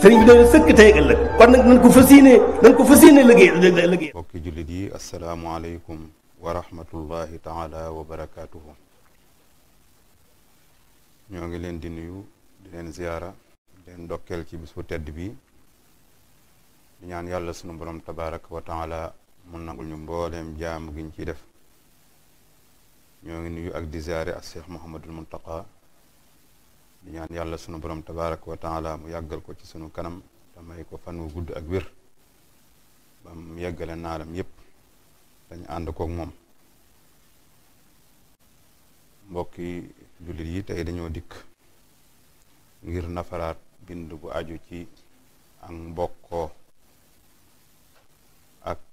sëriñ bi sëkk tey ak ëllëg kon nag nañ ko fas yéene nañ ko fas yéene liggéey liggéey mbokki yi asalaamaaleykum wa taala wa barakaatuhu ñoo ngi leen di nuyu di leen ziyaara di leen ci bisu bu tedd bi ñaan yàlla sunu borom tabaraka wa taala mu nangul ñu mbooleem jaam giñ ciy def ñoo ngi nuyu ak di ziyaare ak Cheikh Mouhamadul Muntaqa di ñaan yàlla sunu borom tabaaraka wa mu yàggal ko ci sunu kanam te may ko fan wu gudd ak wér ba mu yeggale naalam yépp dañ ànd koog moom mbokki jullit yi tey dañoo dikk ngir nafaraat bind bu aju ci ak mbokkoo ak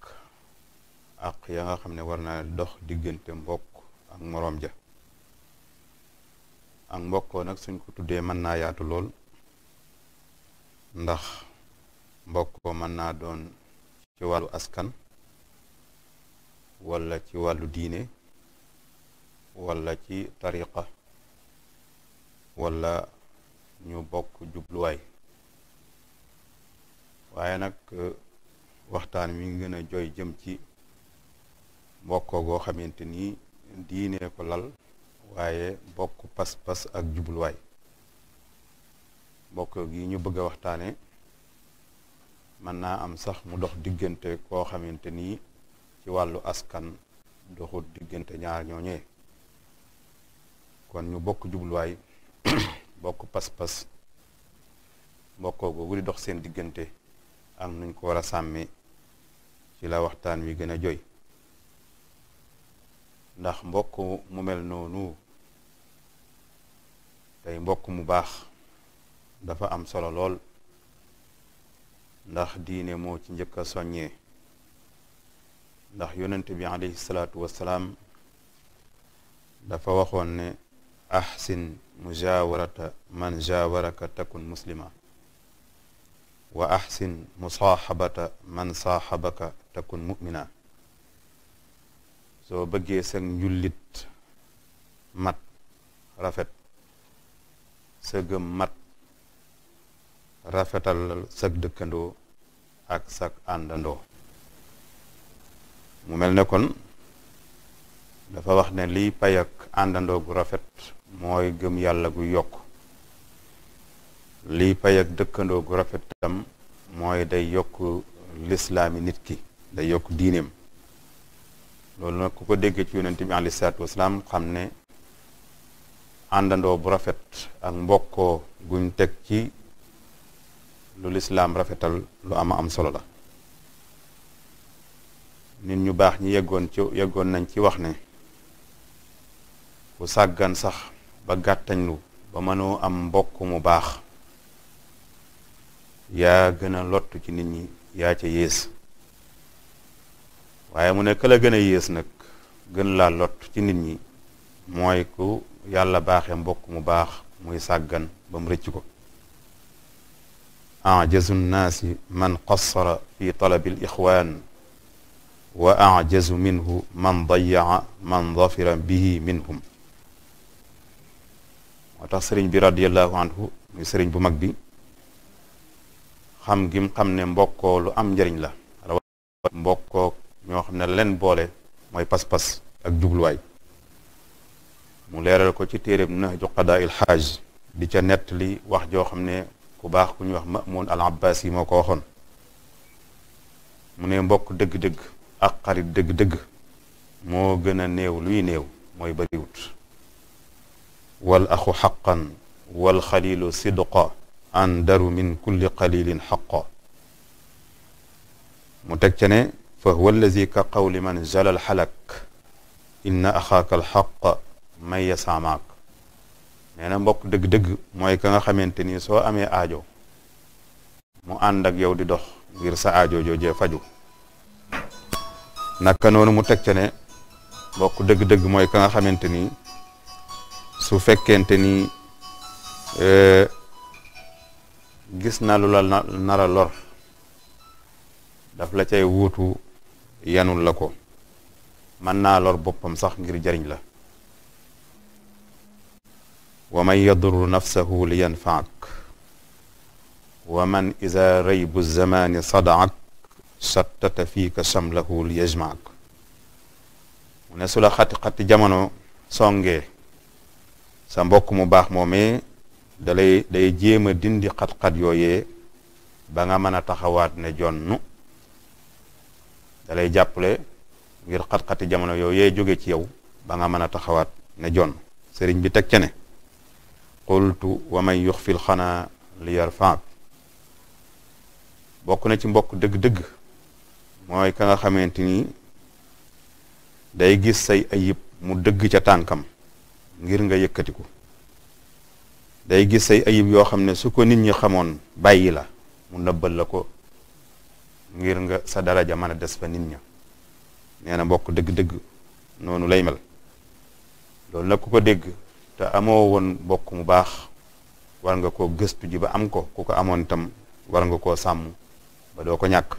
ak ya nga xam ne war naa dox diggante mbokk ak moroom ja ak mbokkoo nag suñ ko tuddee mën na yaatu lool ndax mbokkoo mën naa doon ci wàllu askan walla ci wàllu diine walla ci tariqa walla ñu bokk jubluwaay waaye nag e, waxtaan wi ngi gën a jooy jëm ci mbokkoo goo xamante ni diine ko lal waaye bokk pas-pas ak jubluwaay bokk gi ñu bëgg a waxtaane mën naa am sax mu dox diggante koo xamante nii ci wàllu askan doxut diggante ñaar ñooñee kon ñu bokk jubluwaay bokk pas-pas bokkoo googu di dox seen diggante am nuñ ko war a sàmme ci la waxtaan wi gën a joy ndax mbokk mu mel noonu tey mbokk mu baax dafa am solo lool ndax diine moo ci njëkk a soññee ndax yonent bi alayhi salaatu wassalaam dafa waxoon ne ahsin mujaawarata man jaawaraka takun muslima wa ahsin musaaxabata man saaxabaka takun mu'mina soo bëggee sag njullit mat rafet sa gëm mat rafetal sag dëkkandoo ak sag àndandoo mu mel ne kon dafa wax ne liy pay ak àndandoo gu rafet mooy gëm yàlla guy yokk liy pay ak dëkkandoo gu rafet tam mooy day yokk lislaami nit ki day yokk diineem loolu nag ku ko déggee ci yonent bi alayhi salaatu wasalaam xam ne àndandoo bu rafet ak mbokkoo guñ teg ci lu lislaam rafetal lu ama am solo la nit ñu baax ñi yeggoon ci yeggoon nañ ci wax ne ku sàggan sax ba gàttañlu ba mënoo am mbokk mu baax yaa gën a lott ci nit ñi yaa ci yées waaye mu ne ka la gën a yées nag gën la lot ci nit ñi mooy ku yàlla baaxee mbokk mu baax muy sàggan ba mu rëcc ko ajazu nnaasi man qassara fi talabi l ixwaan wa ajazu minhu man dayaca man dafira bihi minhum moo tax sëriñ bi radiallahu anhu muy sëriñ bu mag bi xam gim xam ne mbokkoo lu am njariñ la mbokkoo ñoo xam ne leen boole mooy pas-pas ak jubluwaay mu leeral ko ci téeréb Nahju Qadaa'il Haaj di ca nett li wax joo xam ne ku baax ku ñuy wax Ma'mun al Abbas yi moo ko waxoon mu ne mbokk dëgg-dëgg ak xarit dëgg-dëgg moo gën a néew luy néew mooy bariwut wal axu xaqan wal xalilu sidqa an daru min kulli qalilin xaqa mu teg ca fa huwa allazi ka qawli man jalal xalak inna axaaka alxaq man yasaamaak nee na mbokk dëgg-dëgg mooy ka nga xamante ni soo amee ajo mu ànd ak yow di dox ngir sa aajo joojee faju naka noonu mu teg ca ne mbokk dëgg-dëgg mooy ka nga xamante ni su fekkente ni eh, gis na lu la nara lor daf la cay wuutu yanul la ko mën naa lor boppam sax ngir jariñ la wa man yadurru nafsahu li yanfaak wa man ida raybu zamaani sadaak sattata fiika samlahu li yajmaak mu ne su la xati-xati jamono songee sa mbokk mu baax moomee dalay day jéem a dindi xat-xat yooyee ba nga mën a taxawaat ne jonn dalay lay jàppale ngir xat-xati jamono yow yee joge ci yow ba nga mën a taxawaat ne jon sëriñ bi teg ca ne qultu wa man yuxfil xanaa li yarfaak bokk na ci mbokk dëgg-dëgg mooy ka nga xamante ni day gis say ayib mu dëgg ca tànkam ngir nga yëkkatiku day gis say ayib yoo xam ne su ko nit ñi xamoon bàyyi la mu nëbbal la ko ngir nga sa daraja mën des fa nit ña nee na mbokk dëgg-dëgg noonu lay mel loolu nag ku ko dégg te amoo woon mbokk mu baax war nga koo gëstu jiba am ko ku ko amoon tam war nga koo sàmm ba doo ko ñàkk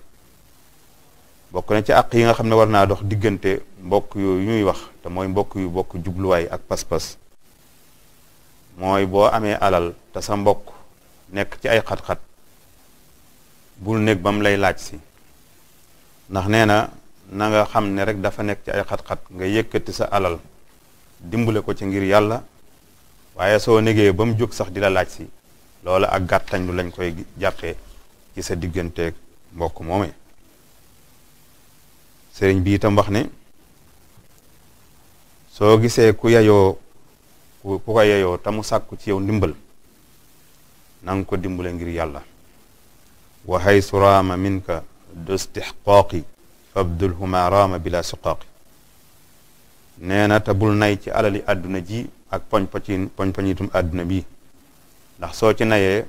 bokk na ci àq yi nga xam ne war naa dox diggante mbokk yooyu ñuy wax te mooy mbokk yu bokk jubluwaay ak pas-pas mooy boo amee alal te sa mbokk nekk ci ay xat-xat bu néeg ba mu lay laaj si ndax nee na na nga xam ne rek dafa nekk ci ay xat-xat nga yëkkati sa alal dimbale ko ci ngir yàlla waaye soo négee ba mu jóg sax di la laaj si loola ak gàttañ lu lañ koy jàppee ci sa digganteeg mbokk moomee sëriñ bi itam wax ne soo gisee ku yayoo ku ko yayoo te mu sàkku ci yow ndimbal nang ko dimbale ngir yàlla wa haysu raama minka du istixqaaqi fabdulhuma raama bila siqaaqi nee na bul nay ci alali àdduna ji ak poñ pocin poñitum àdduna bi ndax soo ci nayee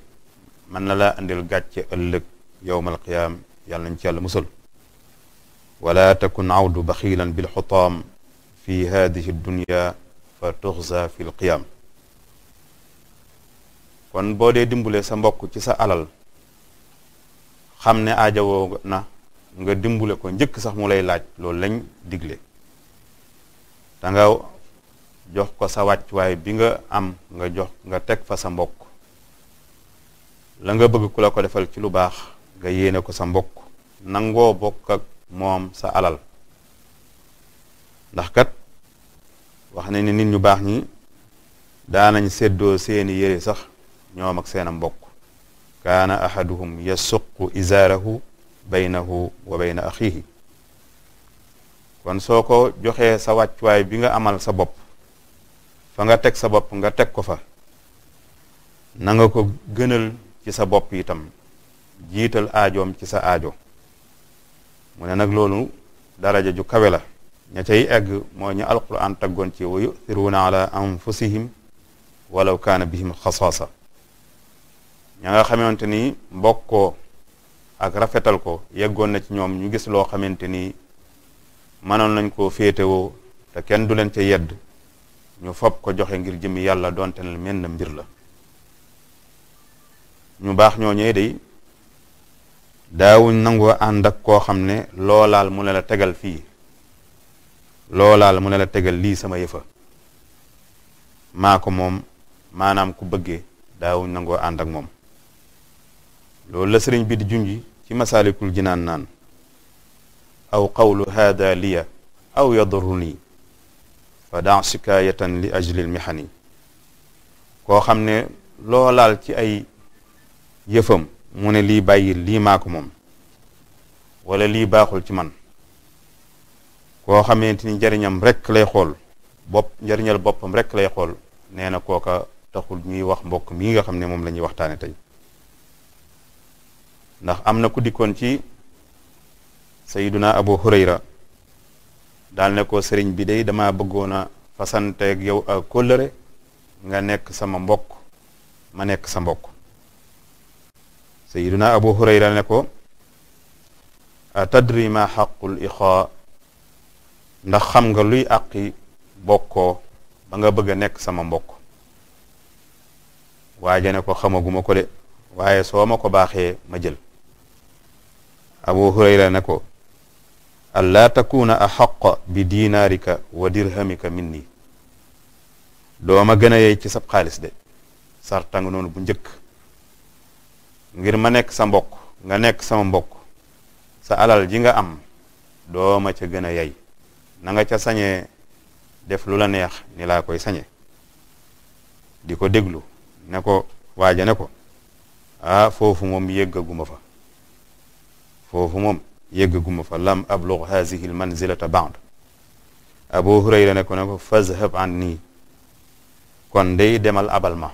mën na laa indil gàcce ëllëg yowmal qiyaam yàlla nañ ci yàlla musal wala takun awdu baxiilan bil xutaam fi haadihi dunya fa kon boo dee dimbulee sa mbokk ci sa alal xam ne aajawoo na nga dimbule ko njëkk sax mu lay laaj loolu lañ digle danga jox ko sa wàccuwaay bi nga am nga jox nga teg fa sa mbokk la nga bëgg ku la ko defal ci lu baax nga yéene ko sa mbokk nangoo bokk ak moom sa alal ndax kat wax na ne nit ñu baax ñi daanañ seddoo seeni yére sax ñoom ak seenam mbokk kaana ahaduhum yasuqu izaarahu baynahu wa bayna axiihi kon soo ko joxee sa wàccuwaay bi nga amal sa bopp fa nga teg sa bopp nga teg ko fa na nga ko gënal ci sa bopp itam jiital aajoom ci sa aajo mu ne nag loolu daraja ju kawe la ña cay egg mooy ñu alquran taggoon ci wa yuthiruuna ala anfusihim walaw kaana bihim xasaasa ña nga xamante ni mbokkoo ak rafetal ko yeggoon na ci ñoom ñu gis loo xamante ni mënoon nañ koo féetewoo te kenn du leen ca yedd ñu fob ko joxe ngir jëmi yàlla donte ne mel mbir la ñu baax ñoo ñëwee day daawuñ nangoo ànd ak koo xam ne loolaal mu ne la tegal fii loolaal mu ne la tegal lii sama yëfa maa ko moom maanaam ku bëggee daawuñ nango ànd ak moom loolu la sëriñ bi di junji ci masaalikul jinaan naan aw qawlu haada liya aw yaduruni fa daa sikaayatan li ajlil mihani koo xam ne loolaal ci ay yëfam mu ne lii bàyyi lii maa moom wala lii baaxul ci man koo xamante ni njariñam rek lay xool bopp njariñal boppam rek lay xool nee na kooka taxul ñuy wax mbokk mii nga xam ne moom la ñuy waxtaane tey ndax am na ku dikkoon ci sayiduna abu hurayra daal ne ko sëriñ bi day dama bëggoon a fasanteeg yow a kóllëre nga nekk sama mbokk ma nekk sa mbokk sayiduna abu hurayra ne ko a tadri ma xaqul ixaa ndax xam nga luy àqi bokkoo ba nga bëgg a nekk sama mbokk waaja ne ko xamaguma ko de waaye soo ma ko baaxee ma jël abu hurayra ne ko an laa a axaqa bi diinaarika wa dirhamika min nii dooma gën a yey ci sab xaalis de sartang noonu bu njëkk ngir ma nekk sa mbokk nga nekk sa mbok sa alal ji nga am dooma ca gën a yey na nga ca sañee def lu la neex ni laa koy sañe di ko déglu ne ko waaja ne ko ah foofu moom yëggaguma fa foofu moom yëggaguma fa lam ablug haadihi lmanzilata baad abu hurayra ne ko ne ko fazhab an nii kon day demal abal ma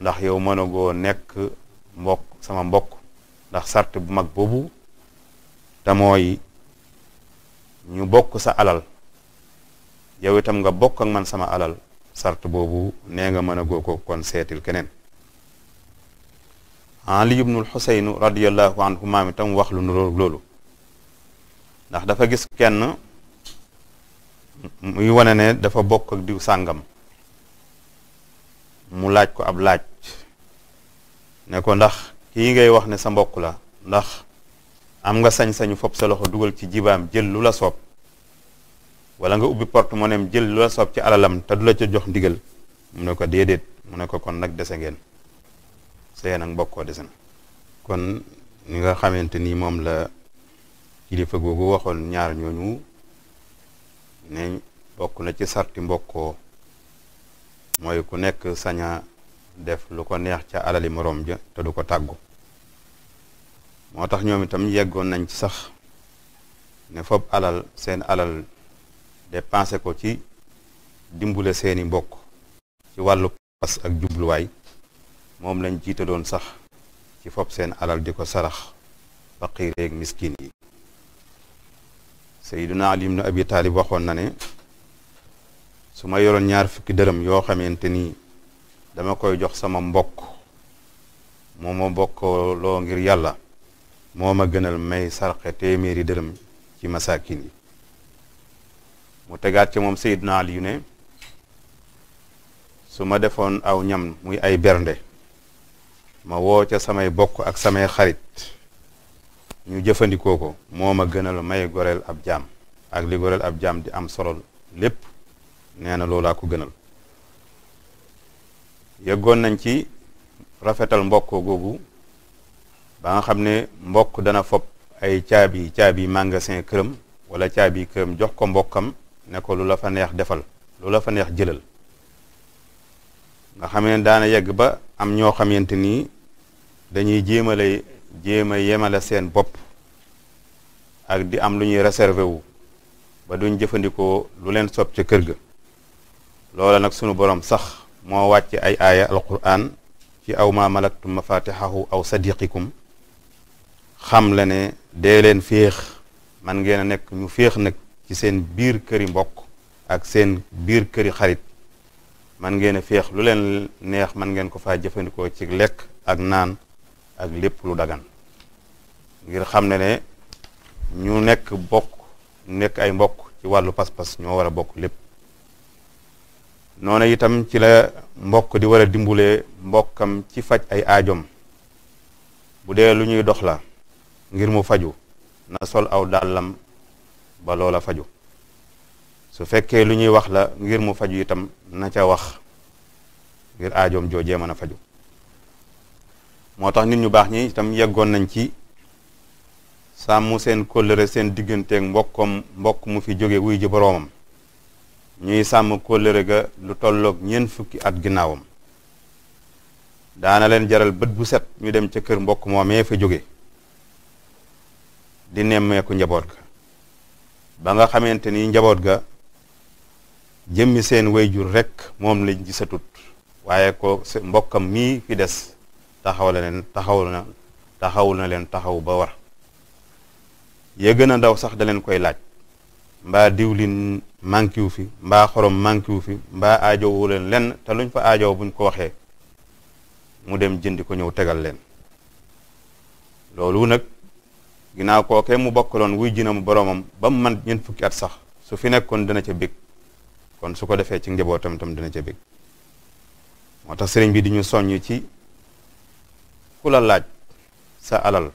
ndax yow mënagoo nekk mbokk sama mbokk ndax sart bu mag boobu te mooy ñu bokk sa alal yow tam nga bokk ak man sama alal sart boobu nee nga mën a ko kon seetil keneen Ali ibnul Xuseynu radiyallahu anhu maam itam wax lu nuroog loolu ndax dafa gis kenn muy wane ne dafa bokk ak diw sàngam mu laaj ko ab laaj ne ko ndax kii ngay wax ne sa mbokk la ndax am nga sañ-sañu fopp sa loxo dugal ci jibaam jël lu la soob walla nga ubbi porte-monnaie jël lu la soob ci alalam te du la ca jox ndigal mu ne ko déedéet mu ne ko kon nag dese ngeen seen ak mbokkoo desan kon ni nga xamante ni moom la kilifa googu waxoon ñaar ñooñu ne bokk na ci sarti mbokkoo mooy ku nekk saña def lu ko neex ca alali moroom ja te du ko tàggu moo tax ñoom itam yeggoon nañ ci sax ne fob alal seen alal de dépensé ko ci dimbule seeni mbokk ci wàllu pas ak jubluwaay moom lañ jiitaloon sax ci fob seen alal di ko sarax faqiir ak miskin yi Seydina Ali ibn Abi Taalib waxoon na ne su ma yoroon ñaar fukki dërëm yoo xamante ni dama koy jox sama mbokk moo ma bokkaloo ngir yàlla moo ma gënal may sarxe téeméeri dërëm ci masaakin yi mu tegaat ci moom Seydina Ali yu ne su ma defoon aw ñam muy ay bernde ma woo ca samay bokk ak samay xarit ñu jëfandikoo ko moo ma gënal may goreel ab jaam ak li goreel ab jaam di am solo lépp nee na loolaa ko gënal yëggoon nañ ci rafetal mbokk googu ba nga xam ne mbokk dana fob ay caabi caabi magasin këram wala caabi këram jox ko mbokkam ne ko lu la fa neex defal lu la fa neex jëlal nga xam ne daana yegg ba am ñoo xamante ni dañuy jéem a lay jéem a yemale seen bopp ak di am lu ñuy réservé wu ba duñ jëfandikoo lu leen sob ca kër ga loola nag sunu borom sax moo wàcc ay aaya alquran ci aw ma malaktum mafatixahu aw sadiqikum xam la ne dee leen féex man ngeen nekk ñu féex nag ci seen biir këri mbokk ak seen biir këri xarit man ngeen a féex lu leen neex man ngeen ko faa jëfandikoo ci lekk ak naan ak lépp lu dagan ngir xam ne ne ñu nekk bokk nekk ay mbokk ci wàllu pas-pas ñoo war a bokk lépp noonu itam ci la mbokk di war a dimbulee mbokkam ci faj ay aajom bu dee lu ñuy dox la ngir mu faju na sol aw dàllam ba loola faju su fekkee lu ñuy wax la ngir mu faju itam na ca wax ngir aajoom joojee mën a faju moo tax nit ñu baax ñi itam yeggoon nañ ci sàmm seen kóllëre seen digganteeg mbokkom mbokk mu fi jóge wuy ji boroomam ñuy sàmm kóllëre ga lu tollook ñeent fukki at ginnaawam daana leen jaral bët bu set ñu dem ca kër mbokk moomee fa jóge di nemmeeku njaboot ga ba nga xamante ni njaboot ga jëmmi seen wayjur rekk moom lañ gisatut waaye ko mbokkam mii fi des taxaw la leen taxaw na taxaw na leen taxaw ba war ya gën a ndaw sax da leen koy laaj mbaa diwlin manqué wu fi mbaa xorom manqué wu fi mbaa aajowu leen lenn te luñ fa aajow buñ ko waxee mu dem jëndi ko ñëw tegal leen loolu nag ginnaaw kookee mu bokkaloon wuy jinam boromam ba mu man ñeent fukki at sax su fi nekkoon dana ca bég kon su ko defee ci njabootam tam dana ca bég moo tax sëriñ bi ñu soññ ci ku la laaj sa alal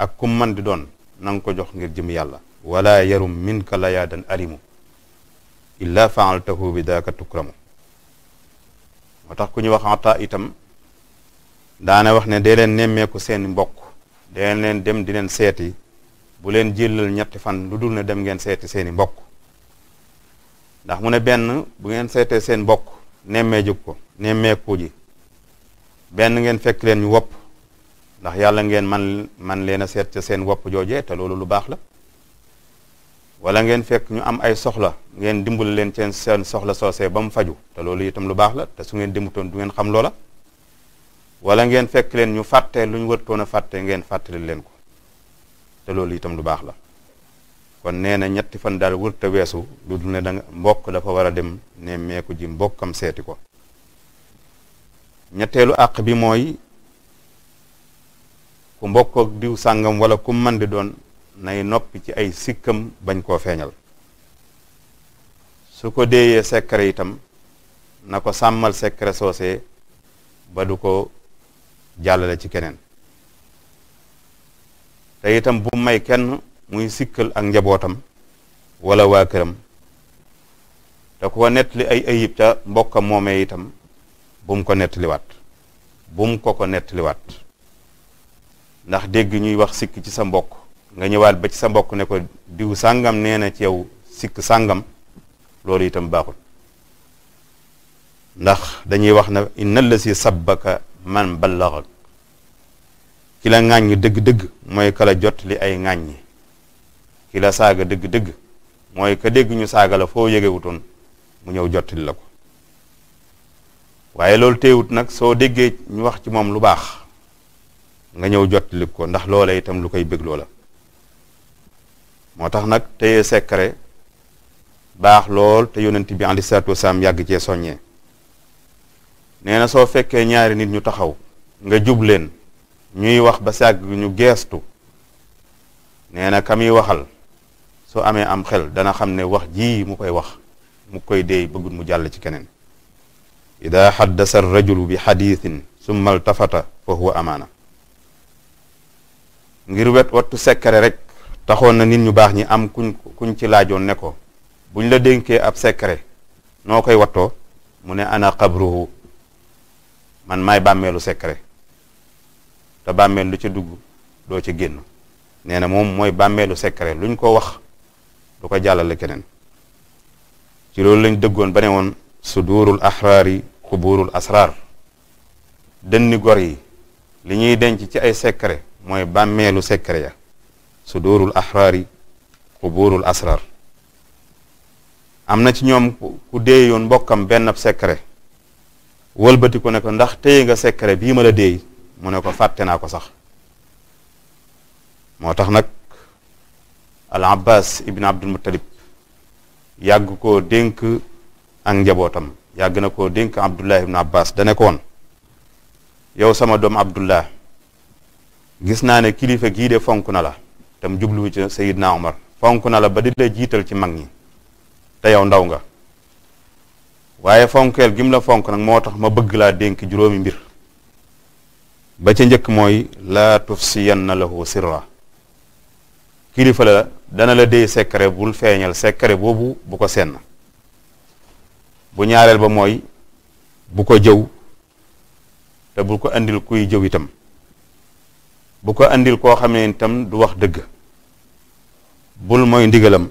ak ku man di doon na nga ko jox ngir jëm yàlla wala yarum minka layaadan arimu illa faaltahu bi daaka tukramu moo tax ku ñu wax ata itam daana wax ne dee leen nemmeeku seeni mbokk dee leen dem di leen seeti bu leen jëlal ñetti fan lu dul ne dem ngeen seeti seeni mbokk ndax mu ne benn bu ngeen seete seen mbokk nemmee jug ko nemmeeku ji benn ngeen fekk leen ñu wopp ndax yàlla ngeen man man leen a seet seen wopp joojee te loolu lu baax la wala ngeen fekk ñu am ay soxla ngeen dimbal leen seen seen soxla soosee ba mu faju te loolu itam lu baax la te su ngeen dimbutoon du ngeen xam loola wala ngeen fekk leen ñu fàtte lu ñu wërtoon a fàtte ngeen fàttali leen ko te loolu itam lu baax la kon nee na ñetti fan daal wër te weesu lu dul ne danga mbokk dafa war a dem ne meeku mbokk kam seeti ko ñetteelu àq bi mooy ku mbokkook diw sàngam wala ku man di doon nay noppi ci ay sikkam bañ koo feeñal su ko déeyee secret itam na ko sàmmal secret soosee ba du ko jàllale ci keneen te itam bu may kenn muy sikkal ak njabootam wala waa këram te ku ko nettali ay ayib ca mbokkam moomee itam bum ko nettaliwaat bum ko ko nettaliwaat ndax dégg ñuy wax sikk ci sa mbokk nga ñëwaat ba ci sa mbokk ne ko diw sàngam nee na ci yow sikk sàngam loolu itam baaxul ndax dañuy wax na inna la si sabbaka man ballaxak ki la ŋàññ dëgg-dëgg mooy ka la jot li ay ngàññi ki la saaga dëgg-dëgg mooy ka dégg ñu saaga la foo yëgewutoon mu ñëw jottali la ko waaye loolu teewut nag soo déggee ñu wax ci moom lu baax nga ñëw jot jottali ko ndax loola itam lu koy bégloo la moo tax nag téye secret baax lool te yonent bi aleyhi salaatu wasalaam yàgg cee soññee nee na soo fekkee ñaari nit ñu taxaw nga jub leen ñuy wax ba sàgg ñu geestu nee na ka muy waxal su amee am xel dana xam ne wax ji mu koy wax mu koy deey bëggul mu jàll ci keneen ida xaddasa rajulu bi xadiisin summa tafata fa huwa amaana ngir wet wattu sekkare rek taxoon na nit ñu baax ñi am kuñ kuñ ci laajoon ne ko buñ la dénkee ab sekkare noo koy wattoo mu ne ana xabruhu man may bàmmeelu sekkare te bàmmeel lu ci dugg doo ci génn nee na moom mooy bàmmeelu sekkare luñ ko wax du ko jàllale keneen ci loolu lañ dëggoon ba ne woon suduurul ahraari xubuurul asraar dënni gor yi li ñuy denc ci ay sekkare mooy bàmmeelu secret ya sudurul ahraari quburul asrar am na ci ñoom ku dee yoon mbokkam benn secret wëlbati ko ne ko ndax téye nga secret bii ma la déey mu ne ko fàtte naa ko sax moo tax nag al abbas ibn abdul muttalib yàgg koo dénk ak njabootam yàgg na koo dénk abdullah ibn abbas dane ko woon yow sama doom abdullah gis naa ne kilifa gii de fonk na la tam jublu ci Seydina Omar fonk na la ba di la jiital ci mag ñi te yow ndaw nga waaye fonkeel gim la fonk nag moo tax ma bëgg laa dénk juróomi mbir ba ca njëkk mooy laa tufsiyanna lahu sirra kilifa la dana la déy secret bul feeñal secret boobu bu ko senn bu ñaareel ba mooy bu ko jëw te bu ko andil kuy jëw itam bu ko andil koo xam ne du wax dëgg bul mooy ndigalam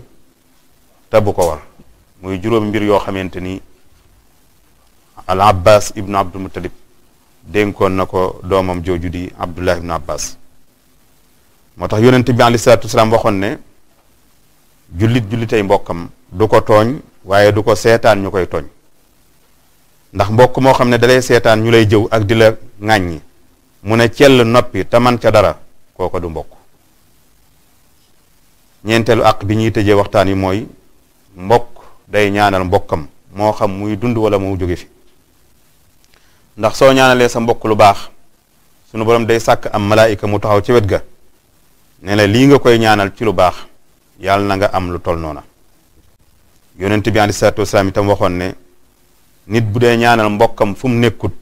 te bu ko war muy juróom mbir yoo xamante ni al abbas ibnu abdul muttalib dénkoon na ko doomam jooju di abdullah ibnu abbas moo tax yonent bi aleyhi salaatu wasalaam waxoon ne jullit jullitay mbokkam du ko tooñ waaye du ko seetaan ñu koy tooñ ndax mbokk moo xam ne dalay seetaan ñu lay jëw ak di la ŋàññi mu ne cell noppi te man ca dara kooko du mbokk ñeenteelu àq bi ñuy tëjee waxtaan wi mooy mbokk day ñaanal mbokkam moo xam muy dund wala mu jóge fi ndax soo ñaanalee sa mbokk lu baax sunu borom day sàkk am malaayika mu taxaw ci wet ga ne la lii nga koy ñaanal ci lu baax yàlla na nga am lu tol noona yonent bi aleyhi salaatu wasalaam itam waxoon ne nit bu dee ñaanal mbokkam fu mu nekkut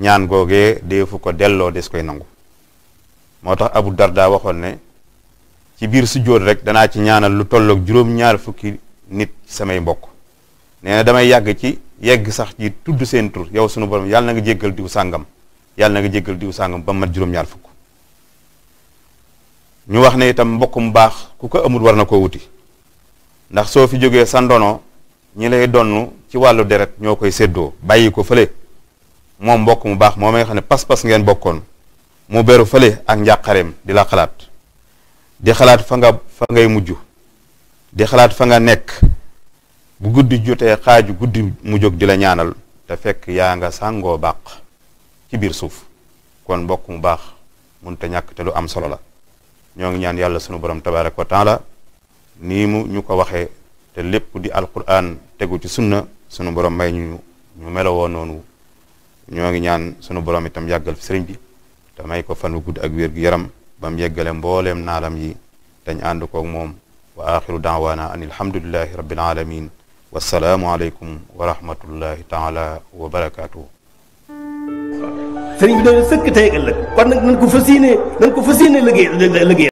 ñaan googee deefu ko delloo su koy nangu moo tax abu darda waxoon ne ci biir sujjóot rek danaa ci ñaanal lu tollook juróom-ñaar fukki nit samay mbokk nee na damay yàgg ci yegg sax ci tudd seen tur yow sunu borom yàlla na nga jéggal diw sàngam yàlla na nga jéggal diw sàngam ba mat juróom-ñaar fukk ñu wax ne itam mbokk mu baax ku ko amul war na koo wuti ndax soo fi jógee sa ndono ñi lay donn ci wàllu deret ñoo koy séddoo bàyyi ko fële moom mbokk mu baax moom nga xam ne pas-pas ngeen bokkoon mu beru fële ak njàqareem di la xalaat di xalaat fa nga fa ngay mujj di xalaat fa nga nekk bu guddi jotee xaaju guddi mu jóg di la ñaanal te fekk yaa nga sàngoo bàq ci biir suuf kon mbokk mu baax mënut a ñàkk te lu am solo la ñoo ngi ñaan yàlla sunu borom tabaaraka wa taala nii mu ñu ko waxee te lépp di alquran tegu ci sunna sunu borom may ñu ñu melowoo noonu ñoo ngi ñaan sunu borom itam yàggal fi sëriñ bi te may ko fan wu ak wér gu yaram ba mu yeggale mbooleem naalam yi dañ ànd koog moom wa axiru daawaana an alhamdulilahi rabbil alamin wasalaamu aleykum wa rahmatullahi taala wa barakaatu. sëriñ bi dañu sëkk tey ëllëg